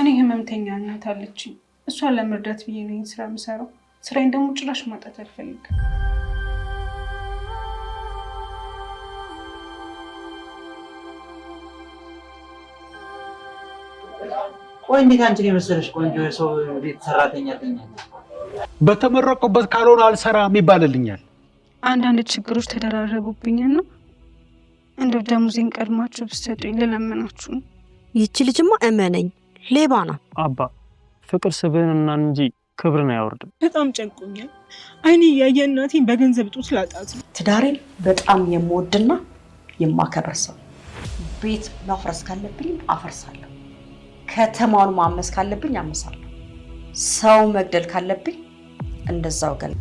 እኔ ህመምተኛ እናት አለችኝ። እሷን ለመርዳት ብዬ ነው ስራ የምሰራው። ስራዬን ደግሞ ጭራሽ ማጣት አልፈልግም። ቆይ እንዴት አንቺን የመሰለሽ ቆንጆ የሰው ቤት ሰራተኛ ተኛ በተመረቁበት ካልሆነ አልሰራም ይባልልኛል። አንዳንድ ችግሮች ተደራረቡብኝና እንደው ደሞዜን ቀድማችሁ ብትሰጡኝ ልለምናችሁ ይቺ ልጅማ እመነኝ ሌባ ነው። አባ ፍቅር ስብህንና እንጂ ክብርን አያወርድም። በጣም ጨንቆኛል። አይኔ እያየ እናቴን በገንዘብ ጡት ላጣት ነው። ትዳሬን በጣም የምወድና የማከብር ሰው። ቤት ማፍረስ ካለብኝ አፈርሳለሁ። ከተማውን ማመስ ካለብኝ አመሳለሁ። ሰው መግደል ካለብኝ እንደዛው ገል